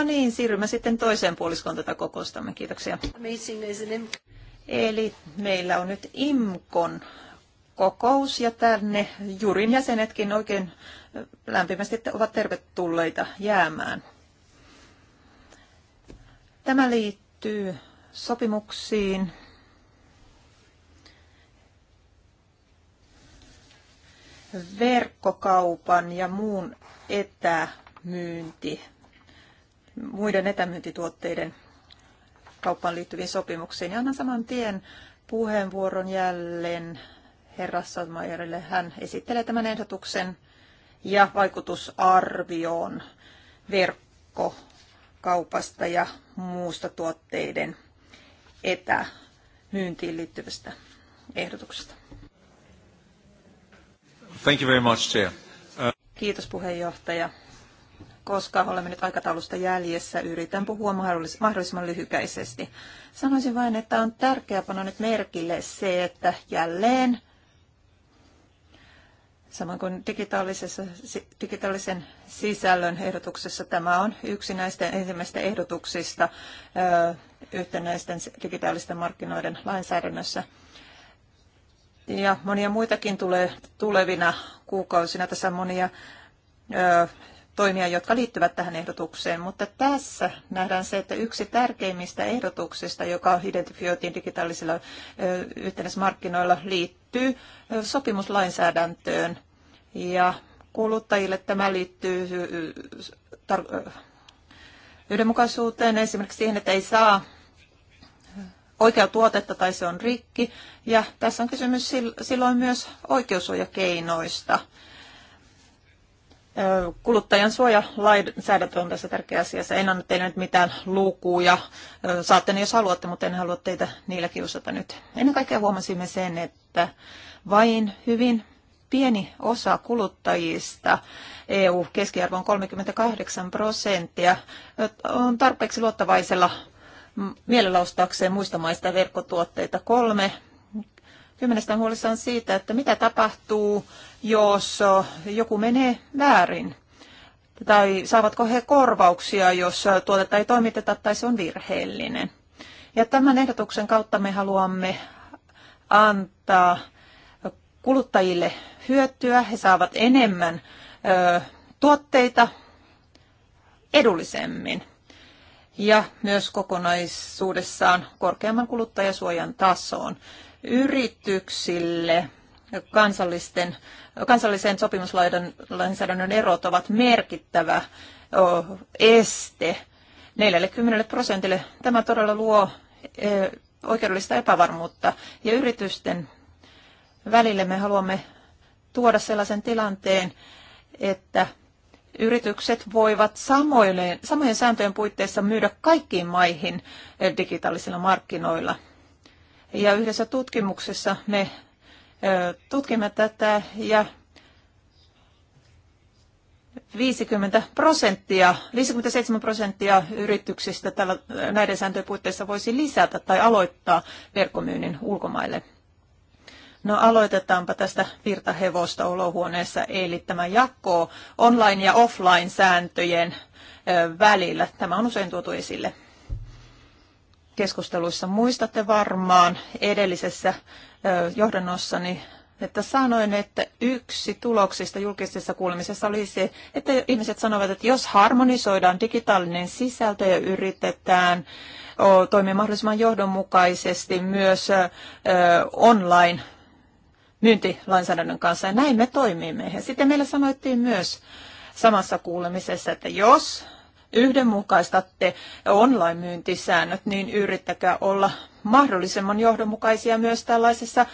No niin, siirrymme sitten toiseen puoliskoon tätä kokoustamme. Kiitoksia. Eli meillä on nyt IMKON kokous ja tänne jurin jäsenetkin oikein lämpimästi ovat tervetulleita jäämään. Tämä liittyy sopimuksiin. verkkokaupan ja muun etämyynti muiden etämyyntituotteiden kauppaan liittyviin sopimuksiin. Ja annan saman tien puheenvuoron jälleen herra Sotmajerille. Hän esittelee tämän ehdotuksen ja vaikutusarvioon verkkokaupasta ja muusta tuotteiden etämyyntiin liittyvästä ehdotuksesta. Thank you very much, Chair. Uh... Kiitos puheenjohtaja koska olemme nyt aikataulusta jäljessä, yritän puhua mahdollisimman lyhykäisesti. Sanoisin vain, että on tärkeää panna nyt merkille se, että jälleen Samoin kuin digitaalisessa, digitaalisen sisällön ehdotuksessa tämä on yksi näistä ensimmäistä ehdotuksista yhtenäisten digitaalisten markkinoiden lainsäädännössä. Ja monia muitakin tulee tulevina kuukausina. Tässä on monia toimia, jotka liittyvät tähän ehdotukseen, mutta tässä nähdään se, että yksi tärkeimmistä ehdotuksista, joka identifioitiin digitaalisilla yhteismarkkinoilla, liittyy sopimuslainsäädäntöön. Ja kuluttajille tämä liittyy yhdenmukaisuuteen, esimerkiksi siihen, että ei saa oikea tuotetta tai se on rikki. Ja tässä on kysymys silloin myös oikeussuojakeinoista. keinoista Kuluttajan suojalainsäädäntö on tässä tärkeä asia. En anna teille nyt mitään lukuja. Saatte ne, jos haluatte, mutta en halua teitä niillä kiusata nyt. Ennen kaikkea huomasimme sen, että vain hyvin pieni osa kuluttajista, EU-keskiarvo on 38 prosenttia, on tarpeeksi luottavaisella mielellä ostaakseen muista maista verkkotuotteita. Kolme Kymmenestä on huolissaan siitä, että mitä tapahtuu, jos eh, joku menee väärin. Tai saavatko he korvauksia, jos eh, tuotetta ei toimiteta tai se on virheellinen. Ja tämän ehdotuksen kautta me haluamme antaa kuluttajille hyötyä. He saavat enemmän ö, eh, tuotteita edullisemmin ja myös kokonaisuudessaan korkeamman kuluttajasuojan tasoon yrityksille kansallisten, kansallisen sopimuslainsäädännön erot ovat merkittävä este 40 prosentille. Tämä todella luo oikeudellista epävarmuutta ja yritysten välille me haluamme tuoda sellaisen tilanteen, että yritykset voivat samojen, samojen sääntöjen puitteissa myydä kaikkiin maihin digitaalisilla markkinoilla – ja yhdessä tutkimuksessa me tutkimme tätä ja 50 prosenttia, 57 prosenttia yrityksistä tällä, näiden sääntöjen puitteissa voisi lisätä tai aloittaa verkkomyynnin ulkomaille. No aloitetaanpa tästä virtahevosta olohuoneessa, eli tämä jakko online- ja offline-sääntöjen välillä. Tämä on usein tuotu esille keskusteluissa. Muistatte varmaan edellisessä johdannossani että sanoin, että yksi tuloksista julkisessa kuulemisessa oli se, että ihmiset sanovat, että jos harmonisoidaan digitaalinen sisältö ja yritetään toimia mahdollisimman johdonmukaisesti myös online myyntilainsäädännön kanssa, ja näin me toimimme. Ja sitten meillä sanoittiin myös samassa kuulemisessa, että jos yhdenmukaistatte online-myyntisäännöt, niin yrittäkää olla mahdollisimman johdonmukaisia myös tällaisessa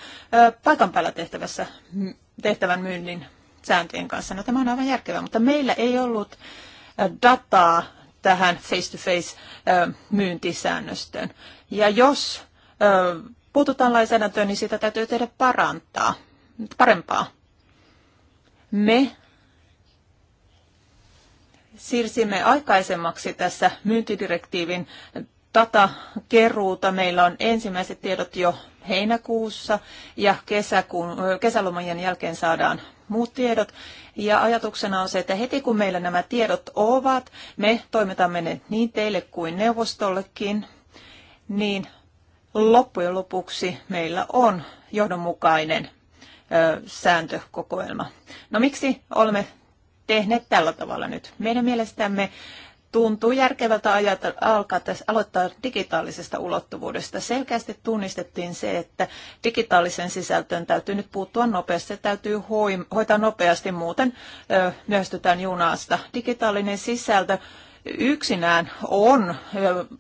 paikan päällä tehtävässä, tehtävän myynnin sääntöjen kanssa. No tämä on aivan järkevää, mutta meillä ei ollut dataa tähän face-to-face myyntisäännöstöön. Ja jos puututaan lainsäädäntöön, niin sitä täytyy tehdä parantaa, parempaa. Me siirsimme aikaisemmaksi tässä myyntidirektiivin data keruuta. Meillä on ensimmäiset tiedot jo heinäkuussa ja kesäkuun, kesälomien jälkeen saadaan muut tiedot. Ja ajatuksena on se, että heti kun meillä nämä tiedot ovat, me toimitamme ne niin teille kuin neuvostollekin, niin loppujen lopuksi meillä on johdonmukainen sääntökokoelma. No miksi olemme tehneet tällä tavalla nyt. Meidän mielestämme tuntuu järkevältä ajata, alkaa tässä, aloittaa digitaalisesta ulottuvuudesta. Selkeästi tunnistettiin se, että digitaalisen sisältöön täytyy nyt puuttua nopeasti. Se täytyy hoitaa nopeasti, muuten ö, myöstytään junasta. Digitaalinen sisältö yksinään on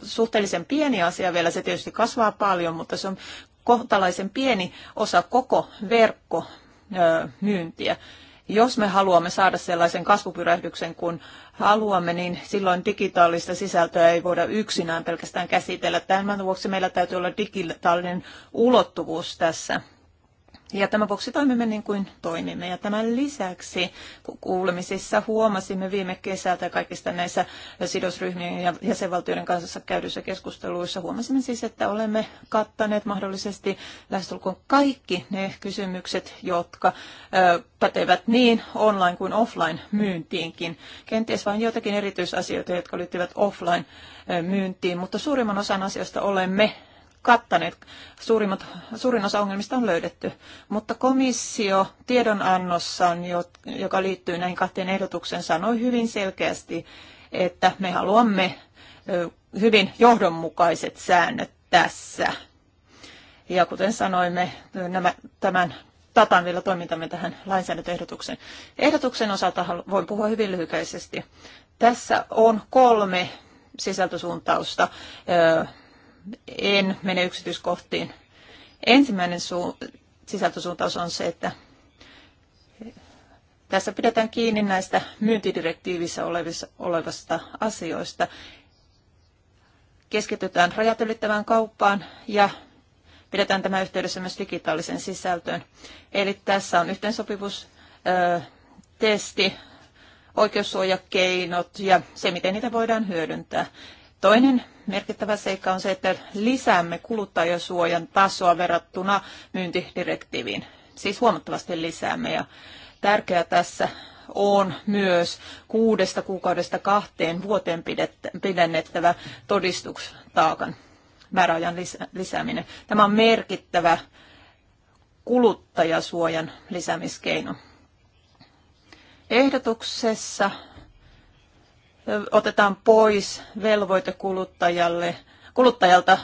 suhteellisen pieni asia vielä. Se tietysti kasvaa paljon, mutta se on kohtalaisen pieni osa koko verkkomyyntiä. Jos me haluamme saada sellaisen kasvupyrähdyksen kuin haluamme, niin silloin digitaalista sisältöä ei voida yksinään pelkästään käsitellä. Tämän vuoksi meillä täytyy olla digitaalinen ulottuvuus tässä ja tämän vuoksi toimimme niin kuin toimimme. Ja tämän lisäksi kuulemisissa huomasimme viime kesältä kaikista näissä sidosryhmien ja jäsenvaltioiden kanssa käydyissä keskusteluissa, huomasimme siis, että olemme kattaneet mahdollisesti lähestulkoon kaikki ne kysymykset, jotka ö, pätevät niin online kuin offline myyntiinkin. Kenties vain joitakin erityisasioita, jotka liittyvät offline myyntiin, mutta suurimman osan asioista olemme kattaneet. Suurimmat, suurin osa ongelmista on löydetty. Mutta komissio tiedonannossaan, joka liittyy näihin kahteen ehdotukseen, sanoi hyvin selkeästi, että me haluamme hyvin johdonmukaiset säännöt tässä. Ja kuten sanoimme, nämä, tämän tataan vielä toimintamme tähän lainsäädäntöehdotukseen. Ehdotuksen osalta voin puhua hyvin lyhykäisesti. Tässä on kolme sisältösuuntausta en mene yksityiskohtiin. Ensimmäinen su- sisältösuuntaus on se, että tässä pidetään kiinni näistä myyntidirektiivissä olevista, olevista asioista. Keskitytään rajat ylittävään kauppaan ja pidetään tämä yhteydessä myös digitaaliseen sisältöön. Eli tässä on yhteensopivuustesti, oikeussuojakeinot ja se, miten niitä voidaan hyödyntää. Toinen merkittävä seikka on se, että lisäämme kuluttajasuojan tasoa verrattuna myyntidirektiiviin. Siis huomattavasti lisäämme ja tärkeää tässä on myös kuudesta kuukaudesta kahteen vuoteen pidennettävä todistustaakan määräajan lisääminen. Tämä on merkittävä kuluttajasuojan lisäämiskeino. Ehdotuksessa otetaan pois velvoite kuluttajalle, kuluttajalta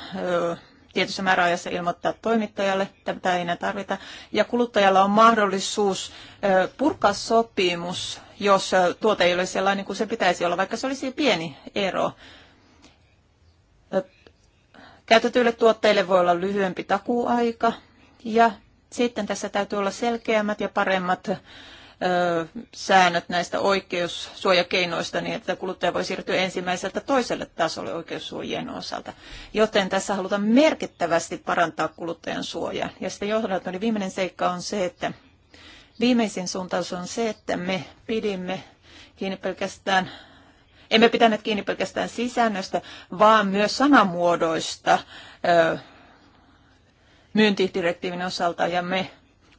tietyssä määräajassa ilmoittaa toimittajalle, tätä ei enää tarvita. Ja kuluttajalla on mahdollisuus purkaa sopimus, jos tuote ei ole sellainen kuin se pitäisi olla, vaikka se olisi pieni ero. Käytetyille tuotteille voi olla lyhyempi takuaika ja sitten tässä täytyy olla selkeämmät ja paremmat säännöt näistä oikeussuojakeinoista niin, että kuluttaja voi siirtyä ensimmäiseltä toiselle tasolle oikeussuojien osalta. Joten tässä halutaan merkittävästi parantaa kuluttajan suojaa. Ja sitten johdannaton niin viimeinen seikka on se, että viimeisin suuntaus on se, että me pidimme kiinni pelkästään emme pitäneet kiinni pelkästään sisäännöstä, vaan myös sanamuodoista myyntidirektiivin osalta, ja me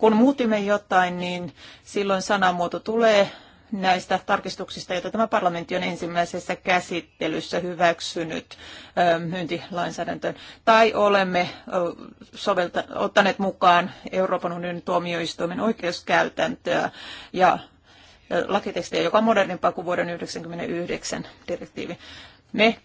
kun muutimme jotain, niin silloin sanamuoto tulee näistä tarkistuksista, joita tämä parlamentti on ensimmäisessä käsittelyssä hyväksynyt myyntilainsäädäntöön. Tai olemme sovelta, ottaneet mukaan Euroopan unionin tuomioistuimen oikeuskäytäntöä ja lakitekstiä, joka on modernimpaa kuin vuoden 1999 direktiivi. Me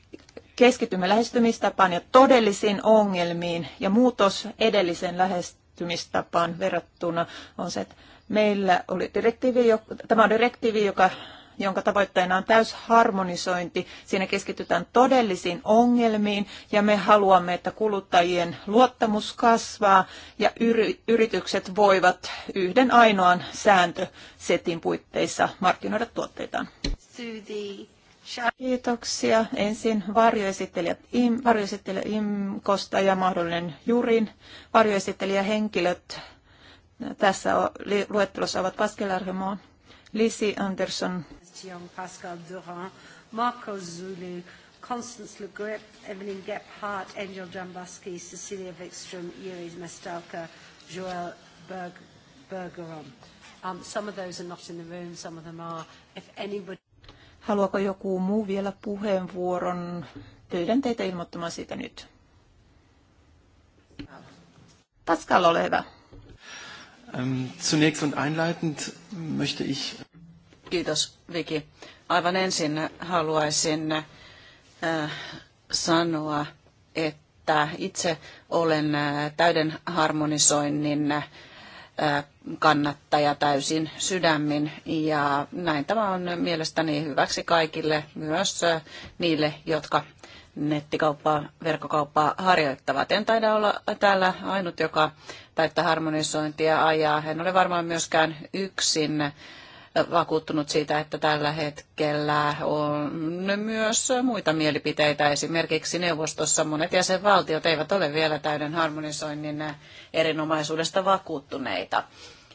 keskitymme lähestymistapaan ja todellisiin ongelmiin ja muutos edellisen lähestymistapaan lähestymistapaan verrattuna on se, että meillä oli direktiivi, tämä on direktiivi, joka jonka tavoitteena on täysharmonisointi. Siinä keskitytään todellisiin ongelmiin ja me haluamme, että kuluttajien luottamus kasvaa ja yritykset voivat yhden ainoan sääntösetin puitteissa markkinoida tuotteitaan. Kiitoksia. Ensin varjoesittelijä, im, varjoesittelijä IMKosta ja mahdollinen Jurin varjoesittelijä henkilöt. Tässä luettelossa ovat Pascal Arhemon, Lisi Anderson, Pascal Durand, Marco Zulu, Constance Le Grip, Evelyn Gephardt, Angel Jambaski, Cecilia Wikström, Yuri Mestalka, Joel Berg, Bergeron. Um, some of those are not in the room, some of them are. If anybody... Haluaako joku muu vielä puheenvuoron? Pyydän teitä ilmoittamaan siitä nyt. Pascal, ole hyvä. Ähm, zunächst und einleitend möchte ich... Kiitos, Viki. Aivan ensin haluaisin äh, sanoa, että itse olen äh, täyden harmonisoinnin äh, kannattaja täysin sydämin ja näin tämä on mielestäni hyväksi kaikille, myös niille, jotka nettikauppaa, verkkokauppaa harjoittavat. En taida olla täällä ainut, joka täyttä harmonisointia ajaa. En ole varmaan myöskään yksin vakuuttunut siitä, että tällä hetkellä on myös muita mielipiteitä. Esimerkiksi neuvostossa monet jäsenvaltiot eivät ole vielä täyden harmonisoinnin erinomaisuudesta vakuuttuneita.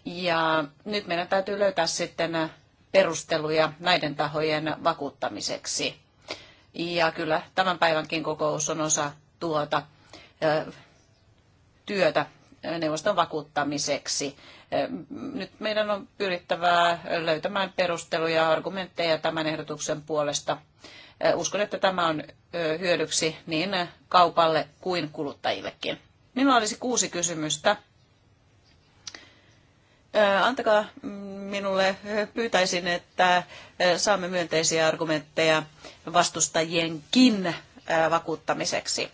Ja nyt meidän täytyy löytää sitten perusteluja näiden tahojen vakuuttamiseksi. Ja kyllä tämän päivänkin kokous on osa tuota työtä neuvoston vakuuttamiseksi. Nyt meidän on pyrittävää löytämään perusteluja ja argumentteja tämän ehdotuksen puolesta. Uskon, että tämä on hyödyksi niin kaupalle kuin kuluttajillekin. Minulla olisi kuusi kysymystä. Antakaa minulle, pyytäisin, että saamme myönteisiä argumentteja vastustajienkin vakuuttamiseksi.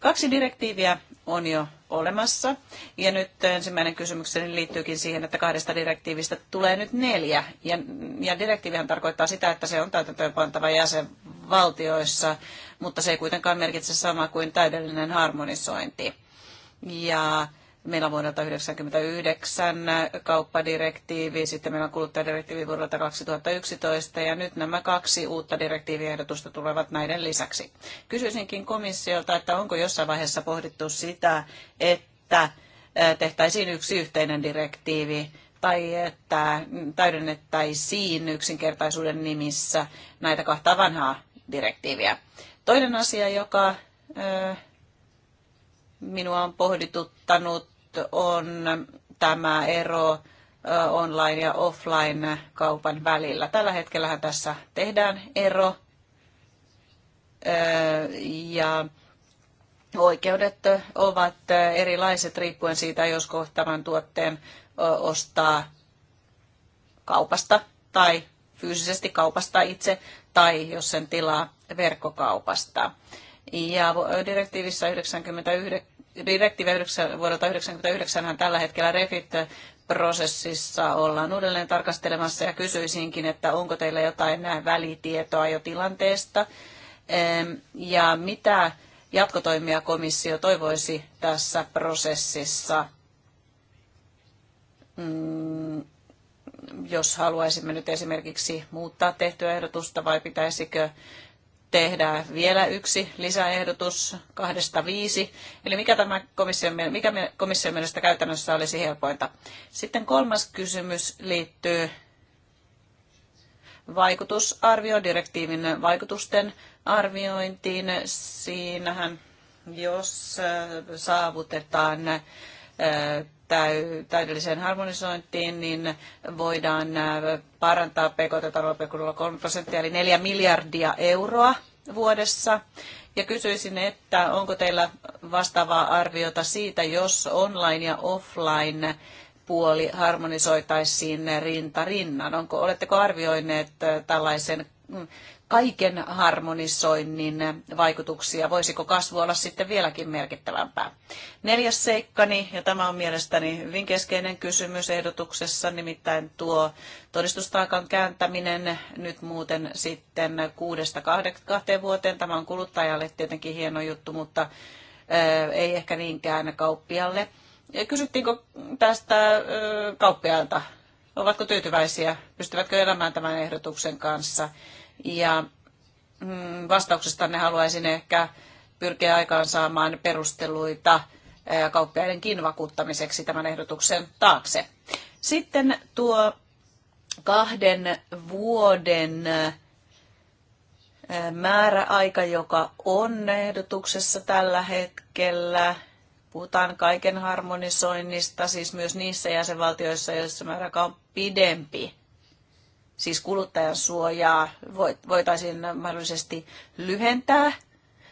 Kaksi direktiiviä on jo olemassa. Ja nyt ensimmäinen kysymykseni liittyykin siihen, että kahdesta direktiivistä tulee nyt neljä. Ja, ja direktiivihän tarkoittaa sitä, että se on täytäntöönpantava jäsenvaltioissa, mutta se ei kuitenkaan merkitse samaa kuin täydellinen harmonisointi. Ja Meillä on vuodelta 1999 kauppadirektiivi, sitten meillä on kuluttajadirektiivi vuodelta 2011 ja nyt nämä kaksi uutta direktiiviehdotusta tulevat näiden lisäksi. Kysyisinkin komissiolta, että onko jossain vaiheessa pohdittu sitä, että tehtäisiin yksi yhteinen direktiivi tai että täydennettäisiin yksinkertaisuuden nimissä näitä kahta vanhaa direktiiviä. Toinen asia, joka minua on pohdituttanut on tämä ero online ja offline kaupan välillä. Tällä hetkellähän tässä tehdään ero ja oikeudet ovat erilaiset riippuen siitä, jos kohtavan tuotteen ostaa kaupasta tai fyysisesti kaupasta itse tai jos sen tilaa verkkokaupasta. Ja direktiivissä 99 direktiivi vuodelta 1999 tällä hetkellä REFIT-prosessissa ollaan uudelleen tarkastelemassa ja kysyisinkin, että onko teillä jotain välitietoa jo tilanteesta ja mitä jatkotoimia komissio toivoisi tässä prosessissa, mm, jos haluaisimme nyt esimerkiksi muuttaa tehtyä ehdotusta vai pitäisikö tehdä vielä yksi lisäehdotus kahdesta viisi. Eli mikä, tämä komission, mikä komission mielestä käytännössä olisi helpointa? Sitten kolmas kysymys liittyy vaikutusarviodirektiivin vaikutusten arviointiin. Siinähän, jos äh, saavutetaan äh, täydelliseen harmonisointiin, niin voidaan äh, parantaa PKT-taloudella 3 prosenttia, eli 4 miljardia euroa vuodessa. Ja kysyisin, että onko teillä vastaavaa arviota siitä, jos online ja offline puoli harmonisoitaisiin rinta rinnan? Onko, oletteko arvioineet äh, tällaisen mm, kaiken harmonisoinnin vaikutuksia? Voisiko kasvu olla sitten vieläkin merkittävämpää? Neljäs seikkani, ja tämä on mielestäni hyvin keskeinen kysymys ehdotuksessa, nimittäin tuo todistustaakan kääntäminen nyt muuten sitten kuudesta kahteen vuoteen. Tämä on kuluttajalle tietenkin hieno juttu, mutta ei ehkä niinkään kauppialle. Kysyttiinkö tästä kauppialta? Ovatko tyytyväisiä? Pystyvätkö elämään tämän ehdotuksen kanssa? Ja mm, ne haluaisin ehkä pyrkiä aikaansaamaan perusteluita kauppiaidenkin vakuuttamiseksi tämän ehdotuksen taakse. Sitten tuo kahden vuoden määräaika, joka on ehdotuksessa tällä hetkellä. Puhutaan kaiken harmonisoinnista, siis myös niissä jäsenvaltioissa, joissa määräaika on pidempi siis kuluttajan suojaa voitaisiin mahdollisesti lyhentää.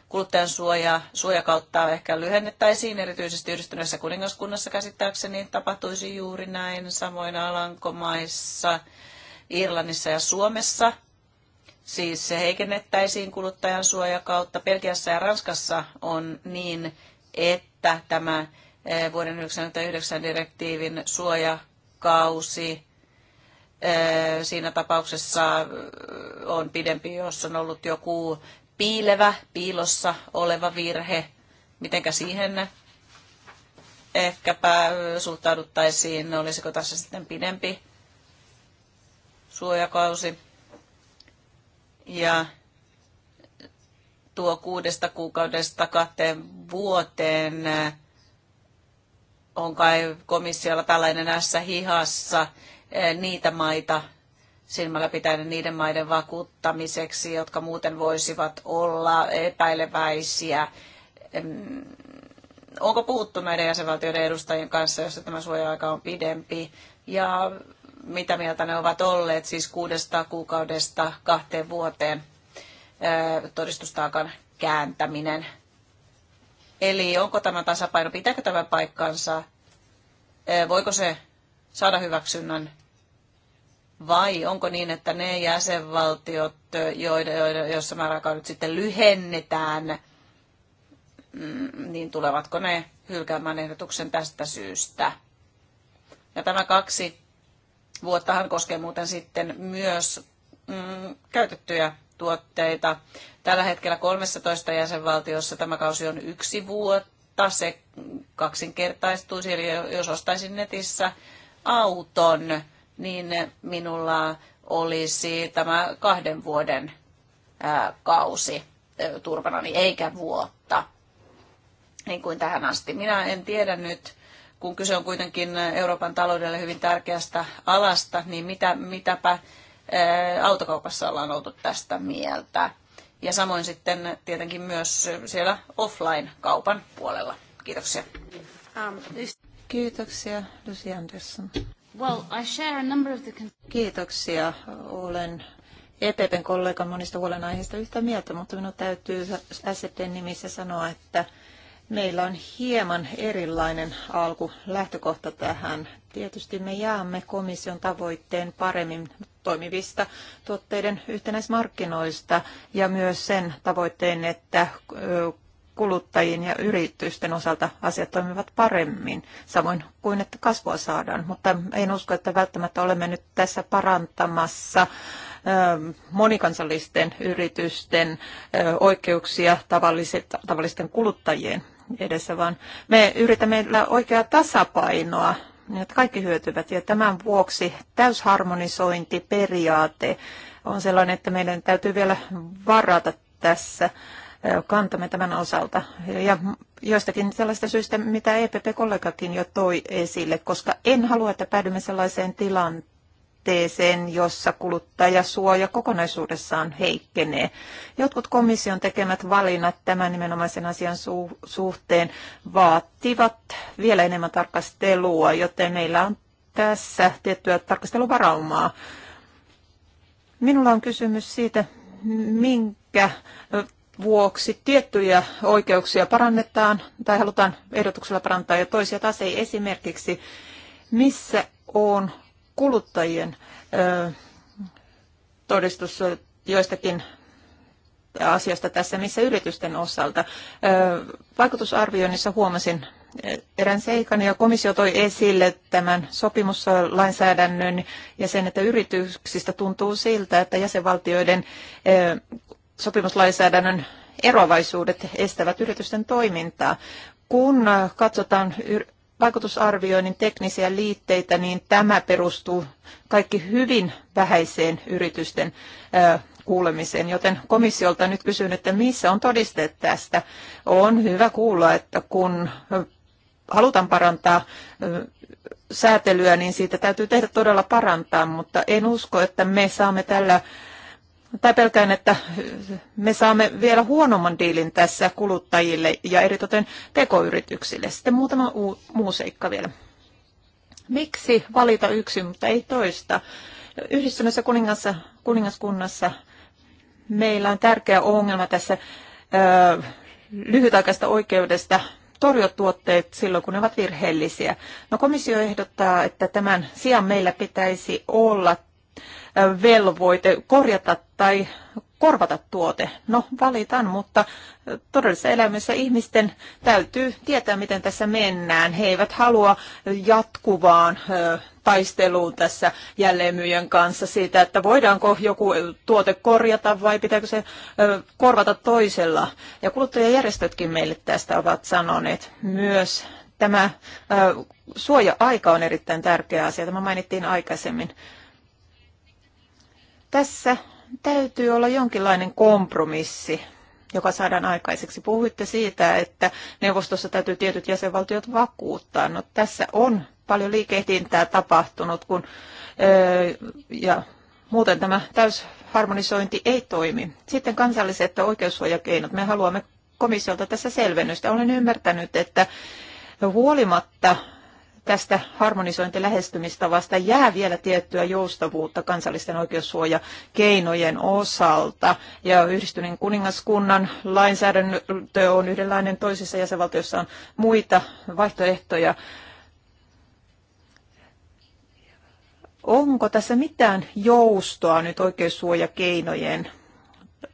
Kuluttajan suoja, suojakauttaa ehkä lyhennettäisiin, erityisesti yhdistyneessä kuningaskunnassa käsittääkseni tapahtuisi juuri näin, samoin Alankomaissa, Irlannissa ja Suomessa. Siis se heikennettäisiin kuluttajan suojakautta. Pelkiässä ja Ranskassa on niin, että tämä eh, vuoden 1999 direktiivin suojakausi siinä tapauksessa on pidempi, jos on ollut joku piilevä, piilossa oleva virhe. Mitenkä siihen ehkäpä suhtauduttaisiin, olisiko tässä sitten pidempi suojakausi. Ja tuo kuudesta kuukaudesta kahteen vuoteen on kai komissiolla tällainen ässä hihassa Eh, niitä maita silmällä pitäen niiden maiden vakuuttamiseksi, jotka muuten voisivat olla epäileväisiä. Onko puhuttu näiden jäsenvaltioiden edustajien kanssa, jossa tämä suoja-aika on pidempi? Ja mitä mieltä ne ovat olleet siis kuudesta kuukaudesta kahteen vuoteen eh, todistustaakan kääntäminen. Eli onko tämä tasapaino, pitääkö tämä paikkansa, eh, voiko se saada hyväksynnän vai onko niin, että ne jäsenvaltiot, joiden, joissa määräaikaa nyt sitten lyhennetään, mm, niin tulevatko ne hylkäämään ehdotuksen tästä syystä? Ja tämä kaksi vuottahan koskee muuten sitten myös mm, käytettyjä tuotteita. Tällä hetkellä 13 jäsenvaltiossa tämä kausi on yksi vuotta. Se kaksinkertaistuisi, eli jos ostaisin netissä auton, niin minulla olisi tämä kahden vuoden kausi turvanani, eikä vuotta, niin kuin tähän asti. Minä en tiedä nyt, kun kyse on kuitenkin Euroopan taloudelle hyvin tärkeästä alasta, niin mitä, mitäpä autokaupassa ollaan oltu tästä mieltä. Ja samoin sitten tietenkin myös siellä offline-kaupan puolella. Kiitoksia. Kiitoksia, Lucy Anderson. Kiitoksia. Olen EPPn kollegan monista huolenaiheista yhtä mieltä, mutta minun täytyy SFDn nimissä sanoa, että meillä on hieman erilainen alku lähtökohta tähän. Tietysti me jaamme komission tavoitteen paremmin toimivista tuotteiden yhtenäismarkkinoista ja myös sen tavoitteen, että kuluttajien ja yritysten osalta asiat toimivat paremmin, samoin kuin että kasvua saadaan. Mutta en usko, että välttämättä olemme nyt tässä parantamassa monikansallisten yritysten oikeuksia tavallisten kuluttajien edessä, vaan me yritämme meillä oikeaa tasapainoa niin että kaikki hyötyvät. Ja tämän vuoksi täysharmonisointiperiaate on sellainen, että meidän täytyy vielä varata tässä kantamme tämän osalta. Ja jostakin sellaista syystä, mitä EPP-kollegakin jo toi esille, koska en halua, että päädymme sellaiseen tilanteeseen, jossa kuluttajasuoja kokonaisuudessaan heikkenee. Jotkut komission tekemät valinnat tämän nimenomaisen asian su- suhteen vaativat vielä enemmän tarkastelua, joten meillä on tässä tiettyä tarkasteluvaraumaa. Minulla on kysymys siitä, minkä vuoksi tiettyjä oikeuksia parannetaan tai halutaan ehdotuksella parantaa ja toisia taas ei esimerkiksi, missä on kuluttajien ö, todistus joistakin asiasta tässä, missä yritysten osalta. Vaikutusarvioinnissa huomasin erään seikan, ja komissio toi esille tämän sopimuslainsäädännön ja sen, että yrityksistä tuntuu siltä, että jäsenvaltioiden sopimuslainsäädännön eroavaisuudet estävät yritysten toimintaa. Kun katsotaan vaikutusarvioinnin teknisiä liitteitä, niin tämä perustuu kaikki hyvin vähäiseen yritysten kuulemiseen, joten komissiolta nyt kysyn, että missä on todisteet tästä. On hyvä kuulla, että kun halutaan parantaa säätelyä, niin siitä täytyy tehdä todella parantaa, mutta en usko, että me saamme tällä tai pelkään, että me saamme vielä huonomman diilin tässä kuluttajille ja eritoten tekoyrityksille. Sitten muutama muu seikka vielä. Miksi valita yksi, mutta ei toista? Yhdistyneessä kuningassa, kuningaskunnassa meillä on tärkeä ongelma tässä ö, lyhytaikaista oikeudesta torjua tuotteet silloin, kun ne ovat virheellisiä. No komissio ehdottaa, että tämän sijaan meillä pitäisi olla velvoite korjata tai korvata tuote. No, valitan, mutta todellisessa elämässä ihmisten täytyy tietää, miten tässä mennään. He eivät halua jatkuvaan taisteluun tässä jälleenmyyjän kanssa siitä, että voidaanko joku tuote korjata vai pitääkö se korvata toisella. Ja kuluttajajärjestötkin meille tästä ovat sanoneet myös. Tämä suoja-aika on erittäin tärkeä asia. Tämä mainittiin aikaisemmin. Tässä täytyy olla jonkinlainen kompromissi, joka saadaan aikaiseksi. Puhuitte siitä, että neuvostossa täytyy tietyt jäsenvaltiot vakuuttaa. No, tässä on paljon liikehdintää tapahtunut, kun, ja muuten tämä täysharmonisointi ei toimi. Sitten kansalliset oikeussuojakeinot. Me haluamme komissiolta tässä selvennystä. Olen ymmärtänyt, että huolimatta tästä harmonisointilähestymistavasta jää vielä tiettyä joustavuutta kansallisten oikeussuojakeinojen osalta. Ja yhdistyneen kuningaskunnan lainsäädäntö on yhdenlainen, toisissa jäsenvaltioissa on muita vaihtoehtoja. Onko tässä mitään joustoa nyt oikeussuojakeinojen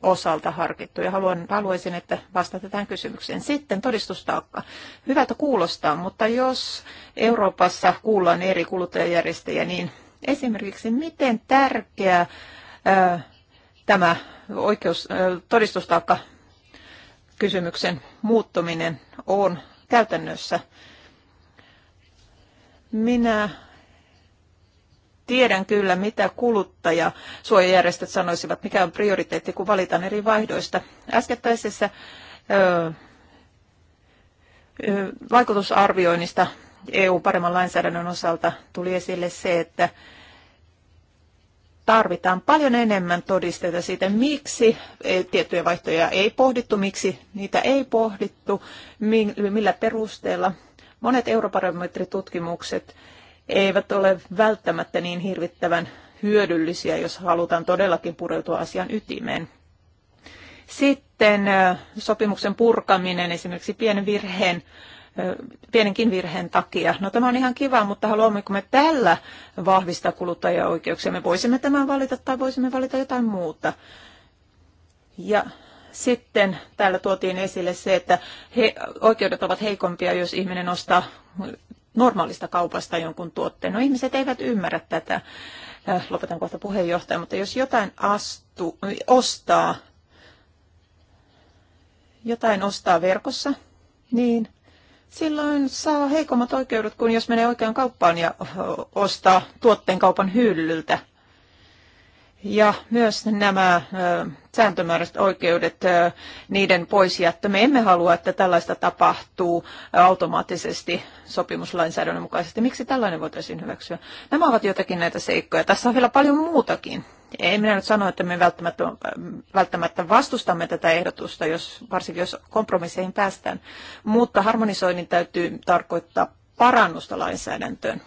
osalta harkittu ja haluan, haluaisin, että vastaatte tähän kysymykseen. Sitten todistustaakka. Hyvältä kuulostaa, mutta jos Euroopassa kuullaan eri kuluttajajärjestöjä, niin esimerkiksi miten tärkeä ää, tämä oikeus, ää, todistustaakka kysymyksen muuttuminen on käytännössä. Minä tiedän kyllä, mitä suojajärjestöt sanoisivat, mikä on prioriteetti, kun valitaan eri vaihdoista. Äskettäisessä ö, ö, vaikutusarvioinnista EU paremman lainsäädännön osalta tuli esille se, että tarvitaan paljon enemmän todisteita siitä, miksi e, tiettyjä vaihtoja ei pohdittu, miksi niitä ei pohdittu, millä perusteella. Monet eurobarometritutkimukset eivät ole välttämättä niin hirvittävän hyödyllisiä, jos halutaan todellakin pureutua asian ytimeen. Sitten sopimuksen purkaminen esimerkiksi pienen virheen, pienenkin virheen takia. No tämä on ihan kiva, mutta haluammeko me tällä vahvistaa kuluttajaoikeuksia? Me voisimme tämän valita tai voisimme valita jotain muuta. Ja sitten täällä tuotiin esille se, että he, oikeudet ovat heikompia, jos ihminen ostaa normaalista kaupasta jonkun tuotteen. No ihmiset eivät ymmärrä tätä. Lopetan kohta puheenjohtaja, mutta jos jotain astu, ostaa, jotain ostaa verkossa, niin silloin saa heikommat oikeudet kuin jos menee oikeaan kauppaan ja ostaa tuotteen kaupan hyllyltä ja myös nämä sääntömääräiset oikeudet, niiden poisjättö. Me emme halua, että tällaista tapahtuu automaattisesti sopimuslainsäädännön mukaisesti. Miksi tällainen voitaisiin hyväksyä? Nämä ovat jotakin näitä seikkoja. Tässä on vielä paljon muutakin. Ei minä nyt sano, että me välttämättä, välttämättä vastustamme tätä ehdotusta, jos, varsinkin jos kompromisseihin päästään. Mutta harmonisoinnin täytyy tarkoittaa parannusta lainsäädäntöön.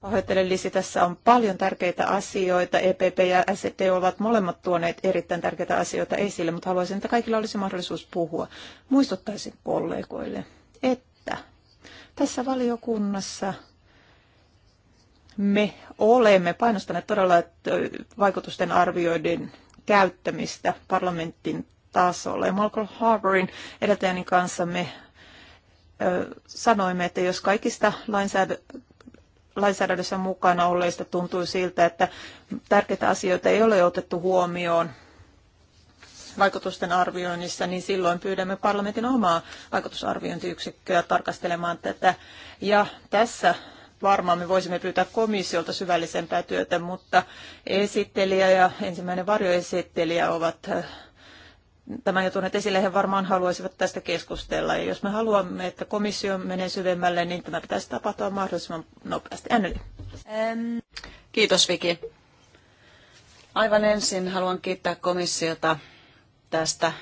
Pahoittelen tässä on paljon tärkeitä asioita. EPP ja SD e ovat molemmat tuoneet erittäin tärkeitä asioita esille, mutta haluaisin, että kaikilla olisi mahdollisuus puhua. Muistuttaisin kollegoille, että tässä valiokunnassa me olemme painostaneet todella vaikutusten arvioiden käyttämistä parlamentin tasolla. Ja Malcolm Harbourin edeltäjäni kanssa me sanoimme, että jos kaikista lainsäädä- lainsäädännössä mukana olleista tuntui siltä, että tärkeitä asioita ei ole otettu huomioon vaikutusten arvioinnissa, niin silloin pyydämme parlamentin omaa vaikutusarviointiyksikköä tarkastelemaan tätä. Ja tässä varmaan me voisimme pyytää komissiolta syvällisempää työtä, mutta esittelijä ja ensimmäinen varjoesittelijä ovat äh, tämän jo tuoneet esille, he varmaan haluaisivat tästä keskustella. Ja jos me haluamme, että komissio menee syvemmälle, niin tämä pitäisi tapahtua mahdollisimman nopeasti. Anneli. Kiitos Viki. Aivan ensin haluan kiittää komissiota tästä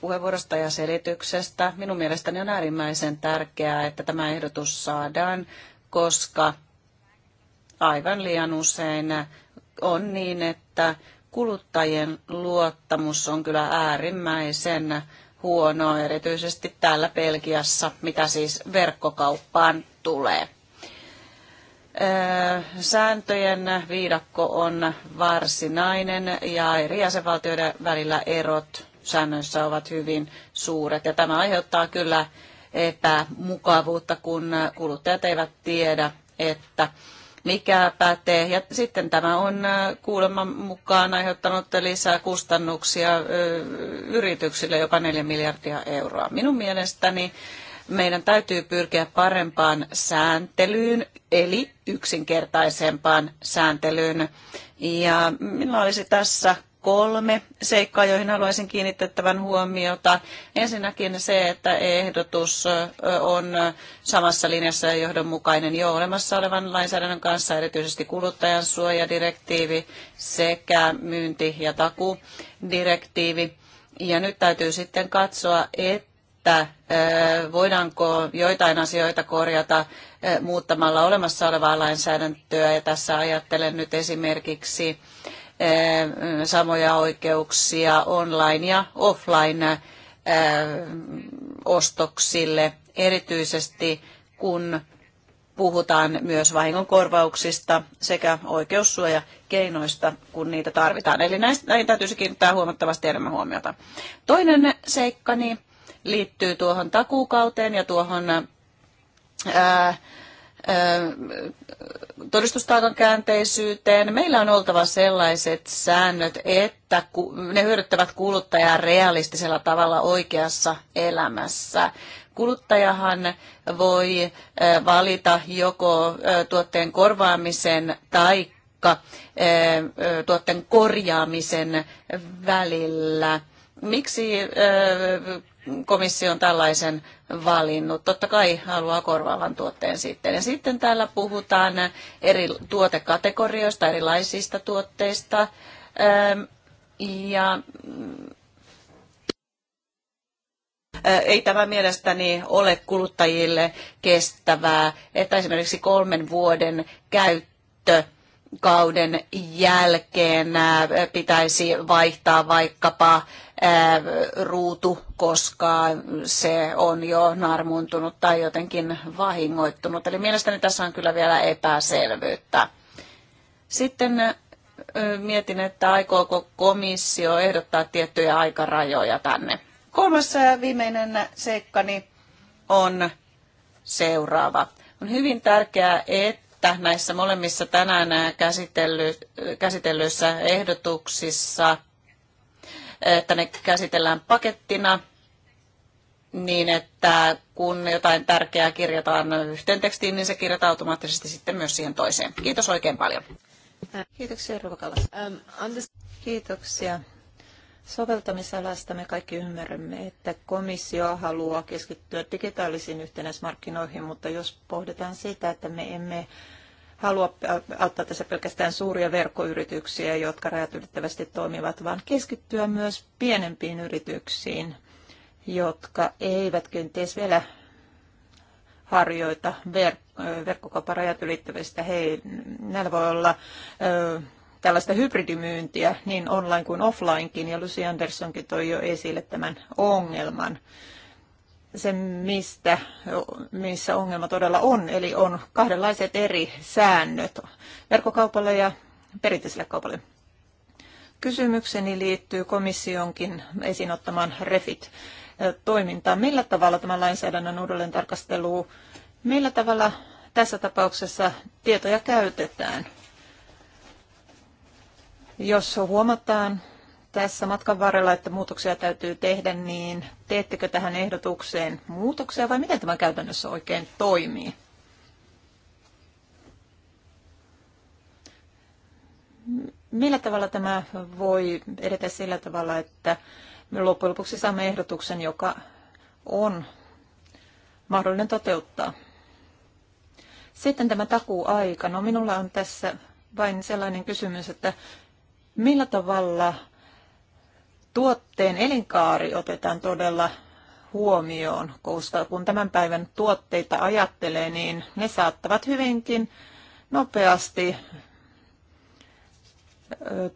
puheenvuorosta ja selityksestä. Minun mielestäni on äärimmäisen tärkeää, että tämä ehdotus saadaan, koska aivan liian usein on niin, että kuluttajien luottamus on kyllä äärimmäisen huono, erityisesti täällä Belgiassa, mitä siis verkkokauppaan tulee. Sääntöjen viidakko on varsinainen ja eri jäsenvaltioiden välillä erot säännöissä ovat hyvin suuret. Ja tämä aiheuttaa kyllä epämukavuutta, kun kuluttajat eivät tiedä, että mikä pätee. Ja sitten tämä on äh, kuuleman mukaan aiheuttanut lisää kustannuksia äh, yrityksille jopa 4 miljardia euroa. Minun mielestäni meidän täytyy pyrkiä parempaan sääntelyyn, eli yksinkertaisempaan sääntelyyn. Ja minulla olisi tässä kolme seikkaa, joihin haluaisin kiinnittävän huomiota. Ensinnäkin se, että ehdotus on samassa linjassa ja johdonmukainen jo olemassa olevan lainsäädännön kanssa, erityisesti kuluttajansuojadirektiivi sekä myynti- ja takudirektiivi. Ja nyt täytyy sitten katsoa, että voidaanko joitain asioita korjata muuttamalla olemassa olevaa lainsäädäntöä. Ja tässä ajattelen nyt esimerkiksi samoja oikeuksia online ja offline ostoksille, erityisesti kun puhutaan myös vahingonkorvauksista sekä oikeussuojakeinoista, kun niitä tarvitaan. Eli näihin täytyisi kiinnittää huomattavasti enemmän huomiota. Toinen seikkani liittyy tuohon takuukauteen ja tuohon ää, todistustaakan käänteisyyteen. Meillä on oltava sellaiset säännöt, että ne hyödyttävät kuluttajaa realistisella tavalla oikeassa elämässä. Kuluttajahan voi valita joko tuotteen korvaamisen tai tuotteen korjaamisen välillä. Miksi komissio on tällaisen valinnut. Totta kai haluaa korvaavan tuotteen sitten. Ja sitten täällä puhutaan eri tuotekategorioista, erilaisista tuotteista. Ja mm, ei tämä mielestäni ole kuluttajille kestävää, että esimerkiksi kolmen vuoden käyttö kauden jälkeen pitäisi vaihtaa vaikkapa ruutu, koska se on jo narmuntunut tai jotenkin vahingoittunut. Eli mielestäni tässä on kyllä vielä epäselvyyttä. Sitten mietin, että aikooko komissio ehdottaa tiettyjä aikarajoja tänne. Kolmas viimeinen seikkani on seuraava. On hyvin tärkeää, että näissä molemmissa tänään käsitellyissä ehdotuksissa – että ne käsitellään pakettina niin, että kun jotain tärkeää kirjataan yhteen tekstiin, niin se kirjataan automaattisesti sitten myös siihen toiseen. Kiitos oikein paljon. Kiitoksia Ruokalas. Ähm, Kiitoksia. Soveltamisalasta me kaikki ymmärrämme, että komissio haluaa keskittyä digitaalisiin yhtenäismarkkinoihin, mutta jos pohditaan sitä, että me emme halua auttaa tässä pelkästään suuria verkkoyrityksiä, jotka rajat ylittävästi toimivat, vaan keskittyä myös pienempiin yrityksiin, jotka eivät kenties vielä harjoita verk- verkkokauparajat ylittävistä. Hei, näillä voi olla ö, tällaista hybridimyyntiä niin online kuin offlinekin, ja Lucy Andersonkin toi jo esille tämän ongelman se, mistä, missä ongelma todella on. Eli on kahdenlaiset eri säännöt verkkokaupalle ja perinteiselle kaupalle. Kysymykseni liittyy komissionkin esiin ottamaan REFIT-toimintaan. Millä tavalla tämä lainsäädännön uudelleen tarkastelu, millä tavalla tässä tapauksessa tietoja käytetään? Jos huomataan tässä matkan varrella, että muutoksia täytyy tehdä, niin teettekö tähän ehdotukseen muutoksia vai miten tämä käytännössä oikein toimii? Millä tavalla tämä voi edetä sillä tavalla, että me loppujen lopuksi saamme ehdotuksen, joka on mahdollinen toteuttaa? Sitten tämä takuaika. No minulla on tässä vain sellainen kysymys, että millä tavalla tuotteen elinkaari otetaan todella huomioon, koska kun tämän päivän tuotteita ajattelee, niin ne saattavat hyvinkin nopeasti